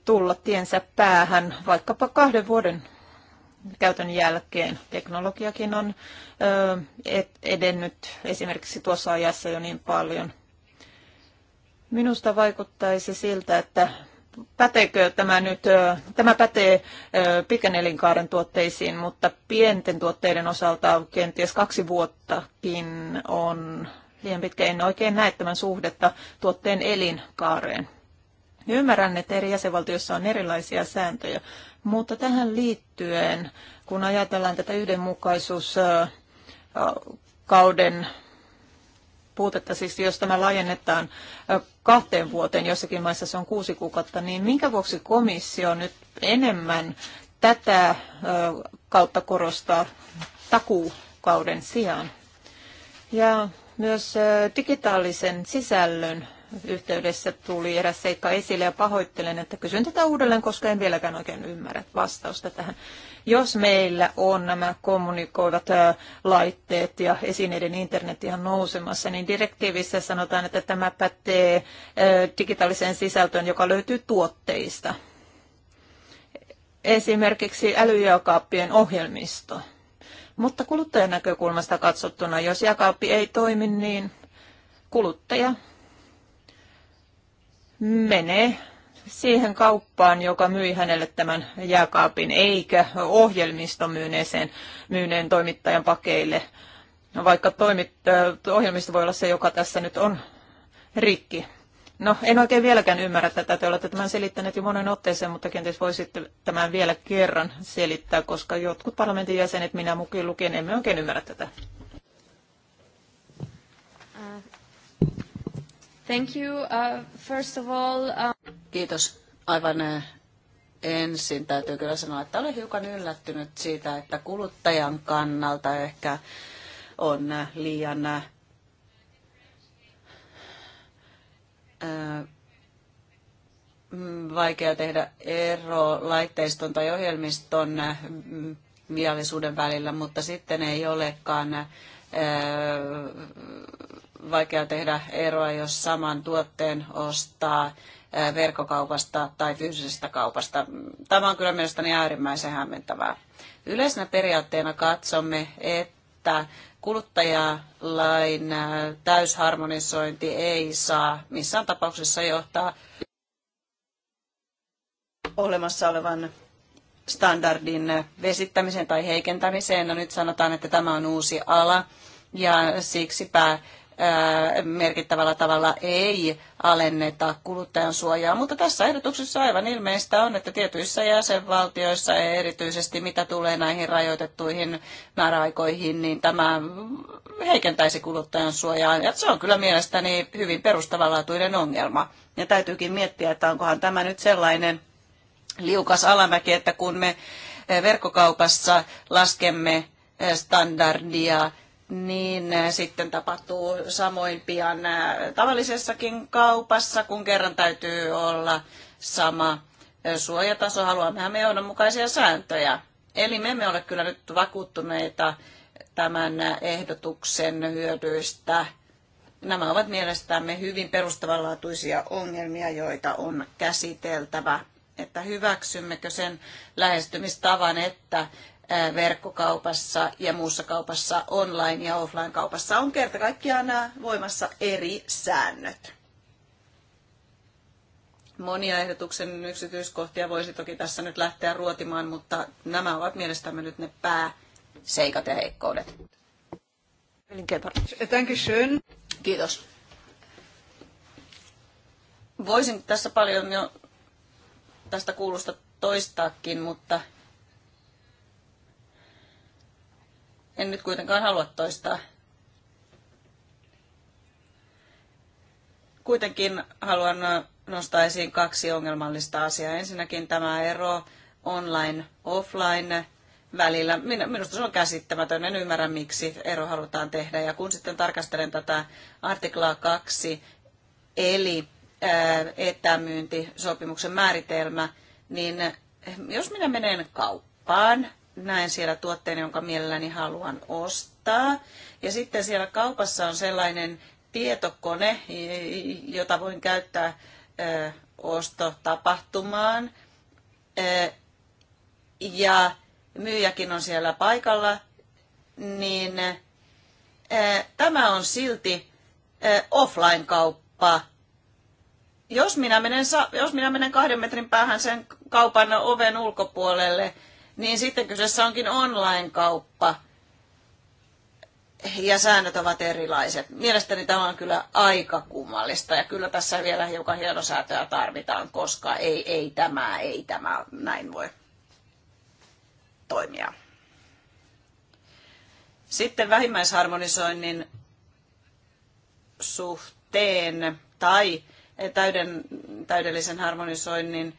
tulla tiensä päähän vaikkapa kahden vuoden käytön jälkeen. Teknologiakin on edennyt esimerkiksi tuossa ajassa jo niin paljon. Minusta vaikuttaisi siltä, että päteekö tämä nyt, tämä pätee pitkän elinkaaren tuotteisiin, mutta pienten tuotteiden osalta kenties kaksi vuottakin on liian pitkä. En oikein näe tämän suhdetta tuotteen elinkaareen. Ymmärrän, että eri jäsenvaltioissa on erilaisia sääntöjä, mutta tähän liittyen, kun ajatellaan tätä yhdenmukaisuuskauden puutetta, siis jos tämä laajennetaan kahteen vuoteen, jossakin maissa se on kuusi kuukautta, niin minkä vuoksi komissio nyt enemmän tätä kautta korostaa takuukauden sijaan? Ja myös digitaalisen sisällön yhteydessä tuli eräs seikka esille ja pahoittelen, että kysyn tätä uudelleen, koska en vieläkään oikein ymmärrä vastausta tähän. Jos meillä on nämä kommunikoivat laitteet ja esineiden internet ihan nousemassa, niin direktiivissä sanotaan, että tämä pätee digitaaliseen sisältöön, joka löytyy tuotteista. Esimerkiksi älyjakaappien ohjelmisto. Mutta kuluttajan näkökulmasta katsottuna, jos jakaappi ei toimi, niin kuluttaja menee siihen kauppaan, joka myi hänelle tämän jääkaapin, eikä ohjelmistomyyneeseen myyneen toimittajan pakeille. No, vaikka toimit, ohjelmisto voi olla se, joka tässä nyt on rikki. No, en oikein vieläkään ymmärrä tätä. Te olette tämän selittäneet jo monen otteeseen, mutta kenties voisitte tämän vielä kerran selittää, koska jotkut parlamentin jäsenet, minä mukin lukien, emme oikein ymmärrä tätä. Thank you. Uh, first of all, uh... Kiitos. Aivan eh, ensin täytyy kyllä sanoa, että olen hiukan yllättynyt siitä, että kuluttajan kannalta ehkä on eh, liian äh, vaikea tehdä ero laitteiston tai ohjelmiston mielisuuden välillä, mutta sitten ei olekaan vaikea tehdä eroa, jos saman tuotteen ostaa verkkokaupasta tai fyysisestä kaupasta. Tämä on kyllä mielestäni äärimmäisen hämmentävää. Yleisenä periaatteena katsomme, että kuluttajalain täysharmonisointi ei saa missään tapauksessa johtaa olemassa olevan standardin vesittämiseen tai heikentämiseen. No nyt sanotaan, että tämä on uusi ala ja siksipä merkittävällä tavalla ei alenneta kuluttajan suojaa, mutta tässä ehdotuksessa aivan ilmeistä on, että tietyissä jäsenvaltioissa erityisesti mitä tulee näihin rajoitettuihin määräaikoihin, niin tämä heikentäisi kuluttajan suojaa. Ja se on kyllä mielestäni hyvin perustavanlaatuinen ongelma. Ja täytyykin miettiä, että onkohan tämä nyt sellainen liukas alamäki, että kun me verkkokaupassa laskemme standardia, niin sitten tapahtuu samoin pian tavallisessakin kaupassa, kun kerran täytyy olla sama suojataso. Haluammehan me johdonmukaisia sääntöjä. Eli me emme ole kyllä nyt vakuuttuneita tämän ehdotuksen hyödyistä. Nämä ovat mielestämme hyvin perustavanlaatuisia ongelmia, joita on käsiteltävä. Että hyväksymmekö sen lähestymistavan, että verkkokaupassa ja muussa kaupassa, online- ja offline-kaupassa on kerta kaikkiaan nämä voimassa eri säännöt. Monia ehdotuksen yksityiskohtia voisi toki tässä nyt lähteä ruotimaan, mutta nämä ovat mielestämme nyt ne pääseikat ja heikkoudet. Kiitos. Voisin tässä paljon jo tästä kuulusta toistaakin, mutta En nyt kuitenkaan halua toistaa. Kuitenkin haluan nostaa esiin kaksi ongelmallista asiaa. Ensinnäkin tämä ero online-offline välillä. Minusta se on käsittämätön, en ymmärrä miksi ero halutaan tehdä. Ja kun sitten tarkastelen tätä artiklaa 2, eli etämyyntisopimuksen määritelmä, niin eh, jos minä menen kauppaan näen siellä tuotteen, jonka mielelläni haluan ostaa. Ja sitten siellä kaupassa on sellainen tietokone, jota voin käyttää ostotapahtumaan. Ja myyjäkin on siellä paikalla, niin tämä on silti offline-kauppa. Jos minä, menen, jos minä menen kahden metrin päähän sen kaupan oven ulkopuolelle, niin sitten kyseessä onkin online-kauppa ja säännöt ovat erilaiset. Mielestäni tämä on kyllä aika kummallista ja kyllä tässä vielä hiukan hienosäätöä tarvitaan, koska ei, ei tämä, ei tämä näin voi toimia. Sitten vähimmäisharmonisoinnin suhteen tai täyden, täydellisen harmonisoinnin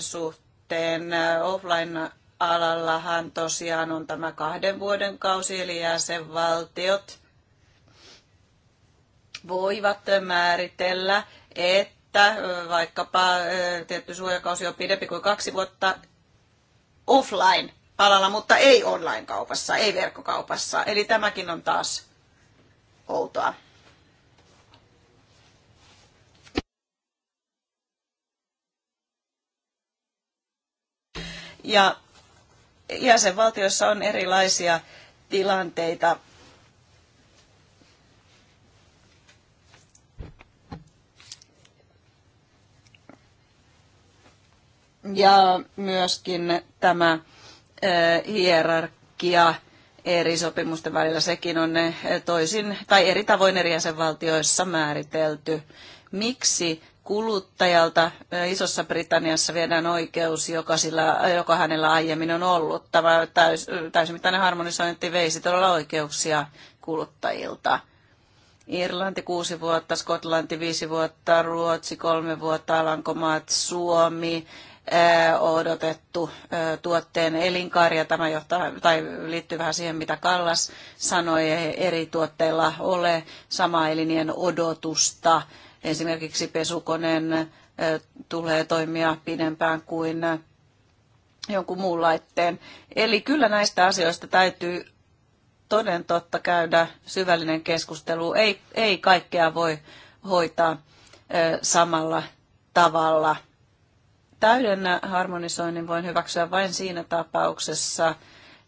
suhteen offline alallahan tosiaan on tämä kahden vuoden kausi, eli jäsenvaltiot voivat määritellä, että vaikkapa tietty suojakausi on pidempi kuin kaksi vuotta offline alalla, mutta ei online-kaupassa, ei verkkokaupassa. Eli tämäkin on taas outoa. Ja jäsenvaltioissa on erilaisia tilanteita. Ja myöskin tämä hierarkia eri sopimusten välillä, sekin on toisin tai eri tavoin eri jäsenvaltioissa määritelty. Miksi kuluttajalta Isossa Britanniassa viedään oikeus, joka, sillä, joka hänellä aiemmin on ollut. Tämä täys, täysimittainen harmonisointi veisi todella oikeuksia kuluttajilta. Irlanti kuusi vuotta, Skotlanti viisi vuotta, Ruotsi kolme vuotta, Alankomaat, Suomi, odotettu tuotteen elinkaari, ja tämä johtaa, tai liittyy vähän siihen, mitä Kallas sanoi, eri tuotteilla ole samaa elinien odotusta Esimerkiksi pesukoneen tulee toimia pidempään kuin jonkun muun laitteen. Eli kyllä näistä asioista täytyy toden totta käydä syvällinen keskustelu. Ei, ei kaikkea voi hoitaa samalla tavalla. Täyden harmonisoinnin voin hyväksyä vain siinä tapauksessa,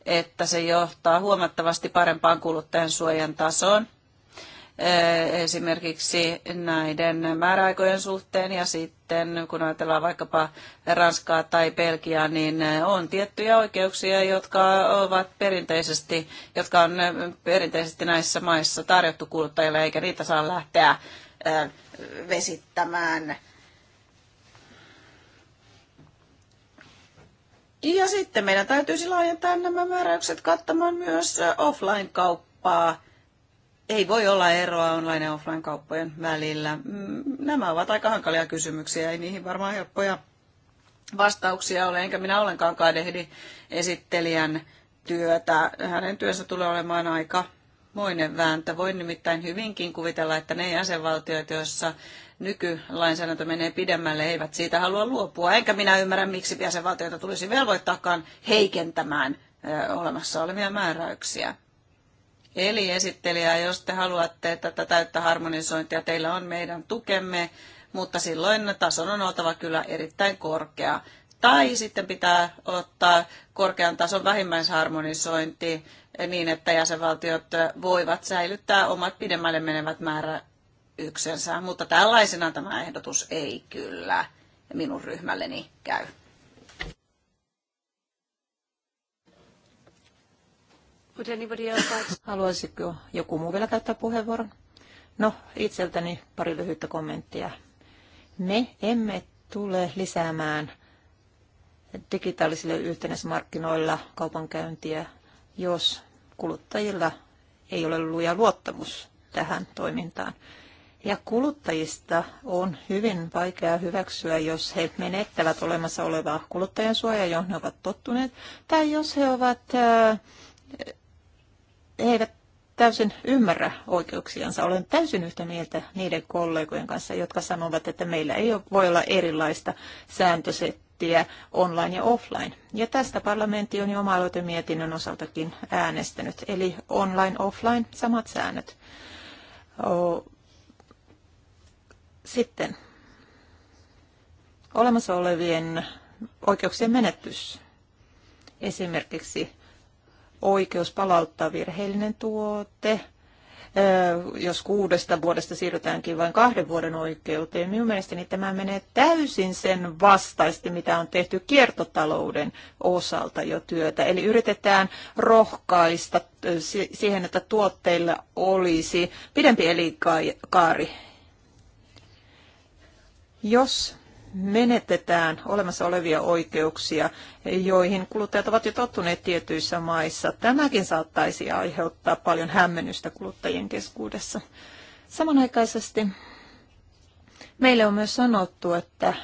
että se johtaa huomattavasti parempaan kuluttajan suojan tasoon Eh, esimerkiksi näiden määräaikojen suhteen ja sitten kun ajatellaan vaikkapa Ranskaa tai Belgiaa, niin eh, on tiettyjä oikeuksia, jotka ovat perinteisesti, jotka on eh, perinteisesti näissä maissa tarjottu kuluttajille, eikä niitä saa lähteä vesittämään. Ja sitten meidän täytyisi laajentaa nämä määräykset kattamaan myös offline-kauppaa ei voi olla eroa online- ja offline-kauppojen välillä. Mm, nämä ovat aika hankalia kysymyksiä, ei niihin varmaan helppoja vastauksia ole, enkä minä ollenkaan kadehdi esittelijän työtä. Hänen työnsä tulee olemaan aika moinen vääntö. Voin nimittäin hyvinkin kuvitella, että ne jäsenvaltiot, joissa nykylainsäädäntö menee pidemmälle, eivät siitä halua luopua. Enkä minä ymmärrä, miksi jäsenvaltioita tulisi velvoittaakaan heikentämään olemassa olevia määräyksiä. Eli esittelijä, jos te haluatte tätä täyttä harmonisointia, teillä on meidän tukemme, mutta silloin tason on oltava kyllä erittäin korkea. Tai sitten pitää ottaa korkean tason vähimmäisharmonisointi niin, että jäsenvaltiot voivat säilyttää omat pidemmälle menevät määrä yksensä, mutta tällaisena tämä ehdotus ei kyllä minun ryhmälleni käy. Would anybody else like... Haluaisiko joku muu vielä käyttää puheenvuoron? No, itseltäni pari lyhyttä kommenttia. Me emme tule lisäämään digitaalisille yhtenäismarkkinoilla kaupankäyntiä, jos kuluttajilla ei ole luja luottamus tähän toimintaan. Ja kuluttajista on hyvin vaikea hyväksyä, jos he menettävät olemassa olevaa kuluttajansuojaa, johon he ovat tottuneet, tai jos he ovat äh, he eivät täysin ymmärrä oikeuksiansa. Olen täysin yhtä mieltä niiden kollegojen kanssa, jotka sanovat, että meillä ei voi olla erilaista sääntösettiä online ja offline. Ja tästä parlamentti on jo oma mietinnön osaltakin äänestänyt, eli online, offline, samat säännöt. Sitten olemassa olevien oikeuksien menetys. Esimerkiksi oikeus palauttaa virheellinen tuote, jos kuudesta vuodesta siirrytäänkin vain kahden vuoden oikeuteen. Minun mielestäni tämä menee täysin sen vastaisesti, mitä on tehty kiertotalouden osalta jo työtä. Eli yritetään rohkaista siihen, että tuotteilla olisi pidempi elinkaari. Jos menetetään olemassa olevia oikeuksia, joihin kuluttajat ovat jo tottuneet tietyissä maissa. Tämäkin saattaisi aiheuttaa paljon hämmennystä kuluttajien keskuudessa. Samanaikaisesti meille on myös sanottu, että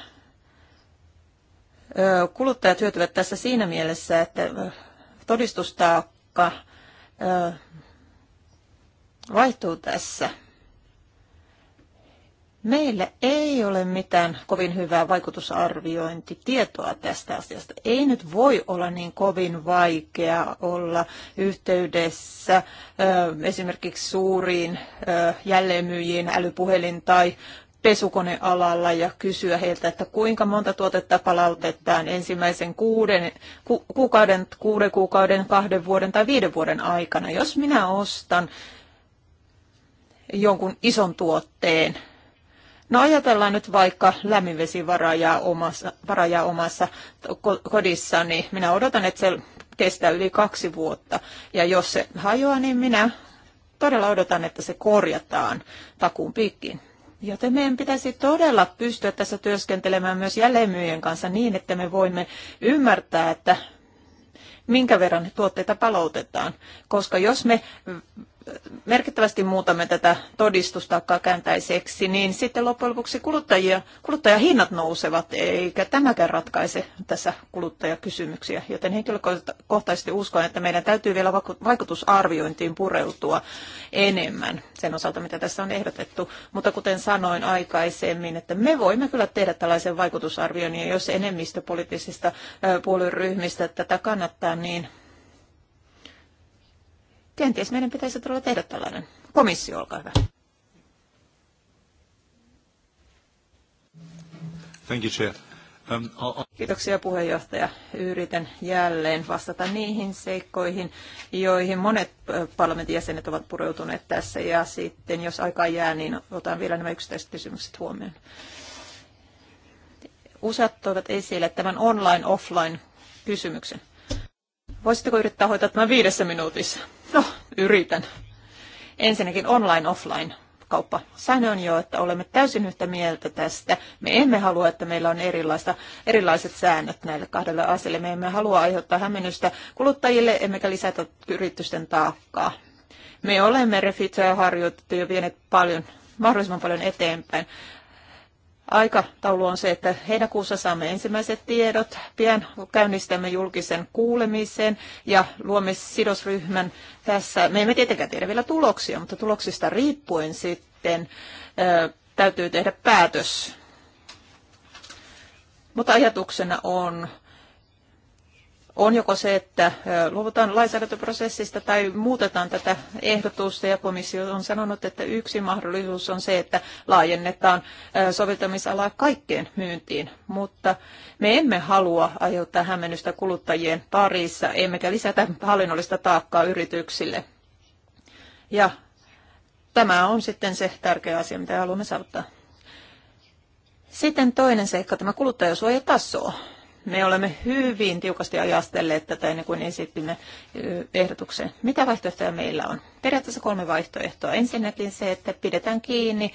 kuluttajat hyötyvät tässä siinä mielessä, että todistustaakka vaihtuu tässä Meillä ei ole mitään kovin hyvää vaikutusarviointitietoa tästä asiasta. Ei nyt voi olla niin kovin vaikea olla yhteydessä esimerkiksi suuriin jälleenmyyjiin älypuhelin tai pesukonealalla ja kysyä heiltä, että kuinka monta tuotetta palautetaan ensimmäisen kuuden, ku, kuukauden, kuuden kuukauden, kahden vuoden tai viiden vuoden aikana. Jos minä ostan jonkun ison tuotteen, No ajatellaan nyt vaikka lämminvesivarajaa omassa, varajaa omassa kodissani. Niin minä odotan, että se kestää yli kaksi vuotta. Ja jos se hajoaa, niin minä todella odotan, että se korjataan takuun piikkiin. Joten meidän pitäisi todella pystyä tässä työskentelemään myös jälleenmyyjien kanssa niin, että me voimme ymmärtää, että minkä verran tuotteita palautetaan. Koska jos me merkittävästi muutamme tätä todistustaakkaa kääntäiseksi, niin sitten loppujen lopuksi kuluttajia, kuluttajahinnat nousevat, eikä tämäkään ratkaise tässä kuluttajakysymyksiä. Joten henkilökohtaisesti uskon, että meidän täytyy vielä vaikutusarviointiin pureutua enemmän sen osalta, mitä tässä on ehdotettu. Mutta kuten sanoin aikaisemmin, että me voimme kyllä tehdä tällaisen vaikutusarvioinnin, jos enemmistö poliittisista puolueryhmistä tätä kannattaa, niin Kenties meidän pitäisi todella tehdä tällainen. Komissio, olkaa hyvä. Thank you, Chair. Um, Kiitoksia puheenjohtaja. Yritän jälleen vastata niihin seikkoihin, joihin monet parlamentin jäsenet ovat pureutuneet tässä. Ja sitten, jos aikaa jää, niin otan vielä nämä yksittäiset kysymykset huomioon. Useat toivat esille tämän online-offline kysymyksen. Voisitteko yrittää hoitaa tämän viidessä minuutissa? No, yritän. Ensinnäkin online-offline kauppa. Sanon jo, että olemme täysin yhtä mieltä tästä. Me emme halua, että meillä on erilaista, erilaiset säännöt näille kahdelle asialle. Me emme halua aiheuttaa hämmennystä kuluttajille, emmekä lisätä yritysten taakkaa. Me olemme refitsoja harjoitettu jo vienet paljon, mahdollisimman paljon eteenpäin. Aikataulu on se, että heinäkuussa saamme ensimmäiset tiedot, pian käynnistämme julkisen kuulemisen ja luomme sidosryhmän tässä. Me emme tietenkään tiedä vielä tuloksia, mutta tuloksista riippuen sitten täytyy tehdä päätös. Mutta ajatuksena on on joko se, että luovutaan lainsäädäntöprosessista tai muutetaan tätä ehdotusta ja komissio on sanonut, että yksi mahdollisuus on se, että laajennetaan soveltamisalaa kaikkeen myyntiin, mutta me emme halua aiheuttaa hämmennystä kuluttajien parissa, emmekä lisätä hallinnollista taakkaa yrityksille. Ja tämä on sitten se tärkeä asia, mitä haluamme saavuttaa. Sitten toinen seikka, tämä kuluttajasuojataso. Me olemme hyvin tiukasti ajastelleet tätä ennen kuin esitimme ehdotuksen. Mitä vaihtoehtoja meillä on? Periaatteessa kolme vaihtoehtoa. Ensinnäkin se, että pidetään kiinni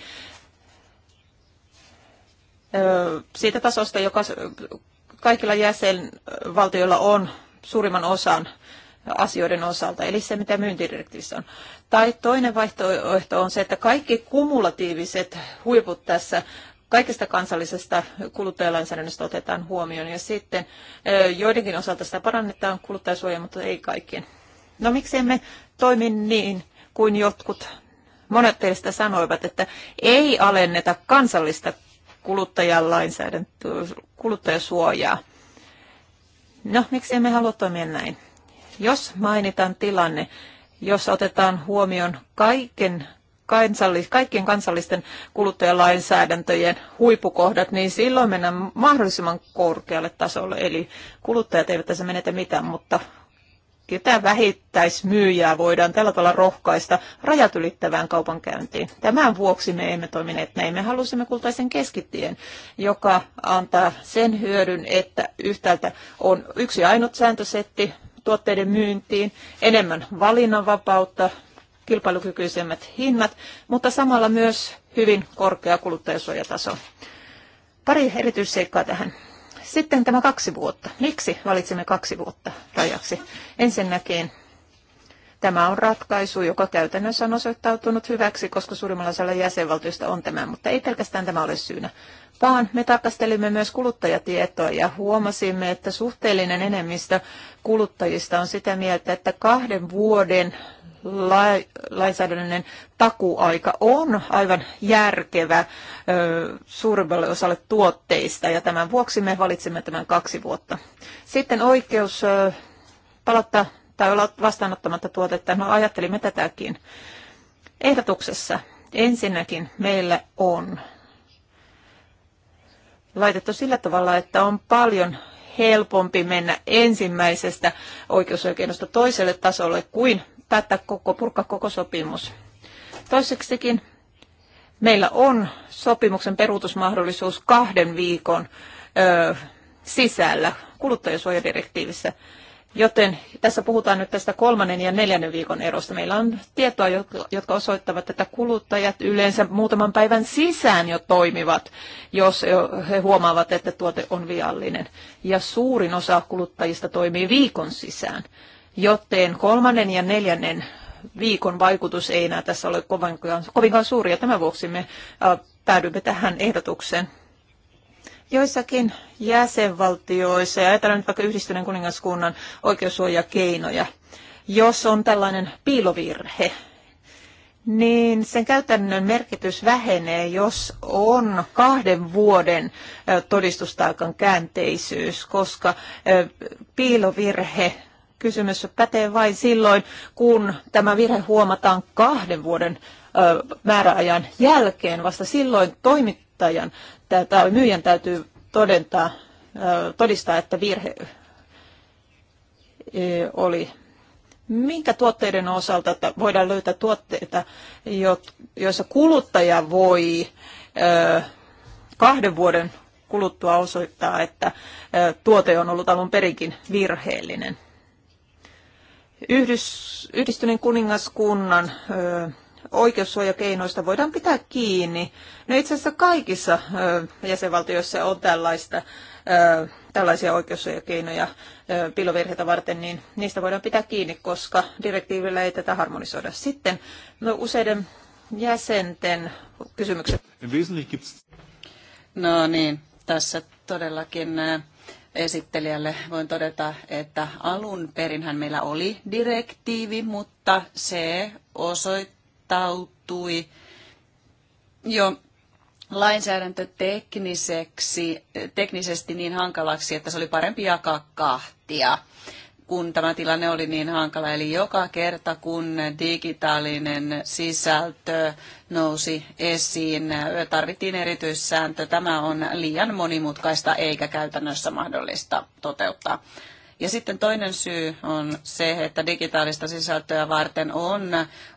siitä tasosta, joka kaikilla jäsenvaltioilla on suurimman osan asioiden osalta, eli se mitä myyntidirektiivissä on. Tai toinen vaihtoehto on se, että kaikki kumulatiiviset huiput tässä kaikesta kansallisesta kuluttajalainsäädännöstä otetaan huomioon ja sitten joidenkin osalta sitä parannetaan kuluttajasuojaa, mutta ei kaikkien. No miksi emme toimi niin kuin jotkut monet teistä sanoivat, että ei alenneta kansallista kuluttajasuojaa. No, miksi emme halua toimia näin? Jos mainitaan tilanne, jossa otetaan huomioon kaiken kansallis, kaikkien kansallisten kuluttajalainsäädäntöjen huippukohdat, niin silloin mennään mahdollisimman korkealle tasolle. Eli kuluttajat eivät tässä menetä mitään, mutta ketään vähittäismyyjää voidaan tällä tavalla rohkaista rajat ylittävään kaupankäyntiin. Tämän vuoksi me emme toimineet näin. Me halusimme kultaisen keskitien, joka antaa sen hyödyn, että yhtäältä on yksi ainut sääntösetti tuotteiden myyntiin, enemmän valinnanvapautta kilpailukykyisemmät hinnat, mutta samalla myös hyvin korkea kuluttajasuojataso. Pari erityisseikkaa tähän. Sitten tämä kaksi vuotta. Miksi valitsimme kaksi vuotta rajaksi? Ensinnäkin Tämä on ratkaisu, joka käytännössä on osoittautunut hyväksi, koska suurimmalla osalla jäsenvaltioista on tämä, mutta ei pelkästään tämä ole syynä. Vaan me tarkastelimme myös kuluttajatietoa ja huomasimme, että suhteellinen enemmistö kuluttajista on sitä mieltä, että kahden vuoden lainsäädännöllinen takuaika on aivan järkevä suurimmalle osalle tuotteista ja tämän vuoksi me valitsemme tämän kaksi vuotta. Sitten oikeus palauttaa tai olla vastaanottamatta tuotetta. No ajattelimme tätäkin. Ehdotuksessa ensinnäkin meillä on laitettu sillä tavalla, että on paljon helpompi mennä ensimmäisestä oikeusoikeudesta toiselle tasolle kuin päättää koko, purkaa koko sopimus. Toiseksikin meillä on sopimuksen peruutusmahdollisuus kahden viikon ö, sisällä kuluttajasuojadirektiivissä. Joten tässä puhutaan nyt tästä kolmannen ja neljännen viikon erosta. Meillä on tietoa, jotka osoittavat, että kuluttajat yleensä muutaman päivän sisään jo toimivat, jos he huomaavat, että tuote on viallinen. Ja suurin osa kuluttajista toimii viikon sisään joten kolmannen ja neljännen viikon vaikutus ei enää tässä ole kovinkaan, kovinkaan suuri, ja tämän vuoksi me äh, päädymme tähän ehdotukseen. Joissakin jäsenvaltioissa, ja ajatellaan nyt vaikka yhdistyneen kuningaskunnan oikeussuojakeinoja, jos on tällainen piilovirhe, niin sen käytännön merkitys vähenee, jos on kahden vuoden äh, todistustaakan käänteisyys, koska äh, piilovirhe kysymys pätee vain silloin, kun tämä virhe huomataan kahden vuoden määräajan jälkeen. Vasta silloin toimittajan tai myyjän täytyy todentaa, todistaa, että virhe oli minkä tuotteiden osalta että voidaan löytää tuotteita, joissa kuluttaja voi kahden vuoden kuluttua osoittaa, että tuote on ollut alun perinkin virheellinen. Yhdys, yhdistyneen kuningaskunnan ö, oikeussuojakeinoista voidaan pitää kiinni. No itse asiassa kaikissa ö, jäsenvaltioissa on tällaista, ö, tällaisia oikeussuojakeinoja ö, pilovirheitä varten, niin niistä voidaan pitää kiinni, koska direktiivillä ei tätä harmonisoida. Sitten no, useiden jäsenten kysymykset. No niin, tässä todellakin esittelijälle voin todeta, että alun perinhän meillä oli direktiivi, mutta se osoittautui jo lainsäädäntötekniseksi, teknisesti niin hankalaksi, että se oli parempi jakaa kahtia kun tämä tilanne oli niin hankala. Eli joka kerta, kun digitaalinen sisältö nousi esiin, tarvittiin erityissääntö. Tämä on liian monimutkaista eikä käytännössä mahdollista toteuttaa. Ja sitten toinen syy on se, että digitaalista sisältöä varten on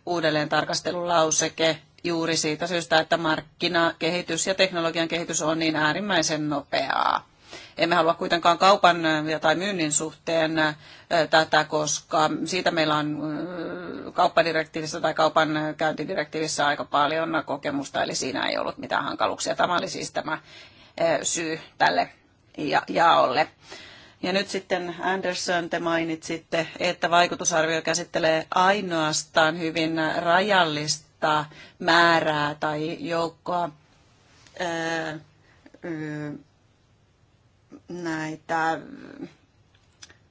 uudelleen tarkastelulauseke juuri siitä syystä, että markkinakehitys ja teknologian kehitys on niin äärimmäisen nopeaa. Emme halua kuitenkaan kaupan tai myynnin suhteen tätä, koska siitä meillä on kauppadirektiivissä tai kaupan käyntidirektiivissä aika paljon kokemusta, eli siinä ei ollut mitään hankaluuksia. Tämä oli siis tämä syy tälle jaolle. Ja nyt sitten Anderson, te mainitsitte, että vaikutusarvio käsittelee ainoastaan hyvin rajallista määrää tai joukkoa näitä mm,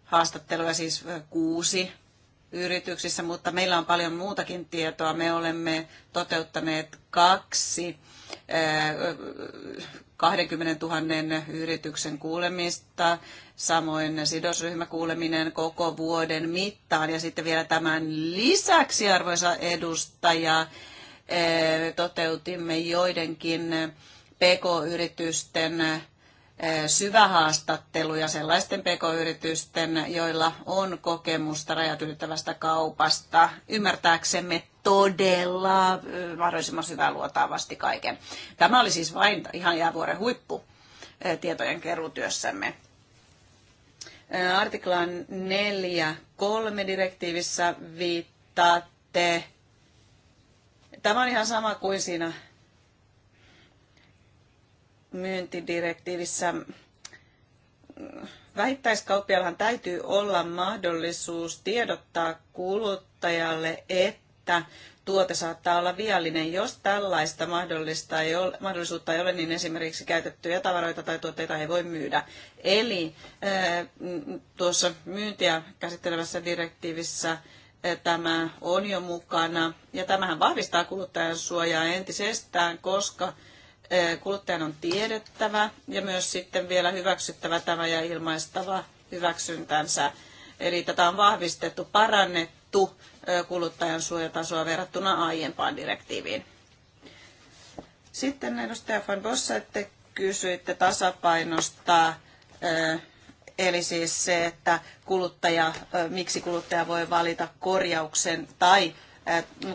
haastatteluja, siis kuusi yrityksissä, mutta meillä on paljon muutakin tietoa. Me olemme toteuttaneet kaksi 20 000 yrityksen kuulemista, samoin sidosryhmäkuuleminen koko vuoden mittaan ja sitten vielä tämän lisäksi, arvoisa edustaja, toteutimme joidenkin PK-yritysten syvähaastatteluja sellaisten pk-yritysten, joilla on kokemusta rajat ylittävästä kaupasta, ymmärtääksemme todella mahdollisimman syvää luotaavasti kaiken. Tämä oli siis vain ihan jäävuoren huippu tietojen keruutyössämme. Artiklaan 4.3 direktiivissä viittaatte. Tämä on ihan sama kuin siinä myyntidirektiivissä mm, vähittäiskauppiaallahan täytyy olla mahdollisuus tiedottaa kuluttajalle, että tuote saattaa olla viallinen. Jos tällaista mahdollista ei ole, mahdollisuutta ei ole, niin esimerkiksi käytettyjä tavaroita tai tuotteita ei voi myydä. Eli eh, mm, tuossa myyntiä käsittelevässä direktiivissä eh, tämä on jo mukana. Ja tämähän vahvistaa kuluttajan suojaa entisestään, koska kuluttajan on tiedettävä ja myös sitten vielä hyväksyttävä tämä ja ilmaistava hyväksyntänsä. Eli tätä on vahvistettu, parannettu kuluttajan suojatasoa verrattuna aiempaan direktiiviin. Sitten edustaja Van että kysyitte tasapainosta, eli siis se, että kuluttaja, miksi kuluttaja voi valita korjauksen tai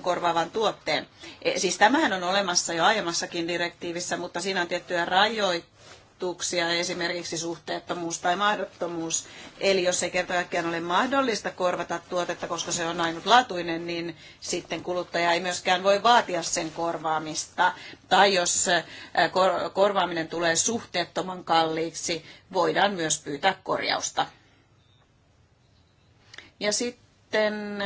korvaavan tuotteen. E, siis tämähän on olemassa jo aiemmassakin direktiivissä, mutta siinä on tiettyjä rajoituksia, esimerkiksi suhteettomuus tai mahdottomuus. Eli jos ei kerta kaikkiaan ole mahdollista korvata tuotetta, koska se on ainutlaatuinen, niin sitten kuluttaja ei myöskään voi vaatia sen korvaamista. Tai jos korvaaminen tulee suhteettoman kalliiksi, voidaan myös pyytää korjausta. Ja sitten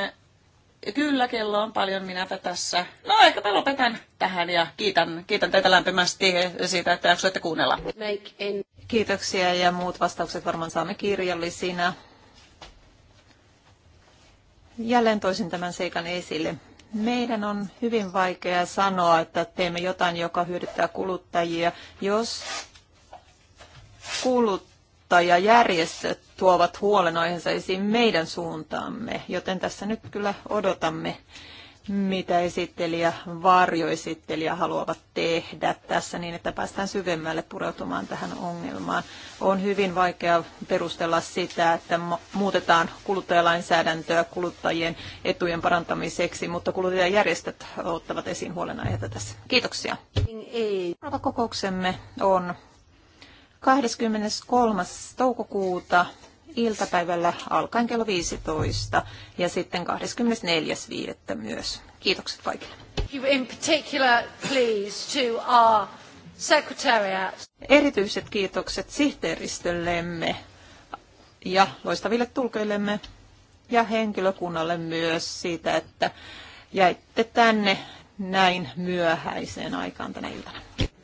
ja kyllä, kello on paljon minäpä tässä. No ehkäpä lopetan tähän ja kiitän, kiitän teitä lämpimästi siitä, että jaksoitte kuunnella. Kiitoksia ja muut vastaukset varmaan saamme kirjallisina. Jälleen toisin tämän seikan esille. Meidän on hyvin vaikea sanoa, että teemme jotain, joka hyödyttää kuluttajia, jos kulut kuluttajajärjestöt tuovat huolenaiheensa esiin meidän suuntaamme, joten tässä nyt kyllä odotamme, mitä esittelijä, varjoesittelijä haluavat tehdä tässä niin, että päästään syvemmälle pureutumaan tähän ongelmaan. On hyvin vaikea perustella sitä, että muutetaan kuluttajalainsäädäntöä kuluttajien etujen parantamiseksi, mutta kuluttajajärjestöt ottavat esiin huolenaiheita tässä. Kiitoksia. Seuraava kokouksemme on 23. toukokuuta iltapäivällä alkaen kello 15 ja sitten 24.5. myös. Kiitokset kaikille. in particular, please, to our secretariat. Erityiset kiitokset sihteeristöllemme ja loistaville tulkeillemme ja henkilökunnalle myös siitä, että jäitte tänne näin myöhäiseen aikaan tänä iltana.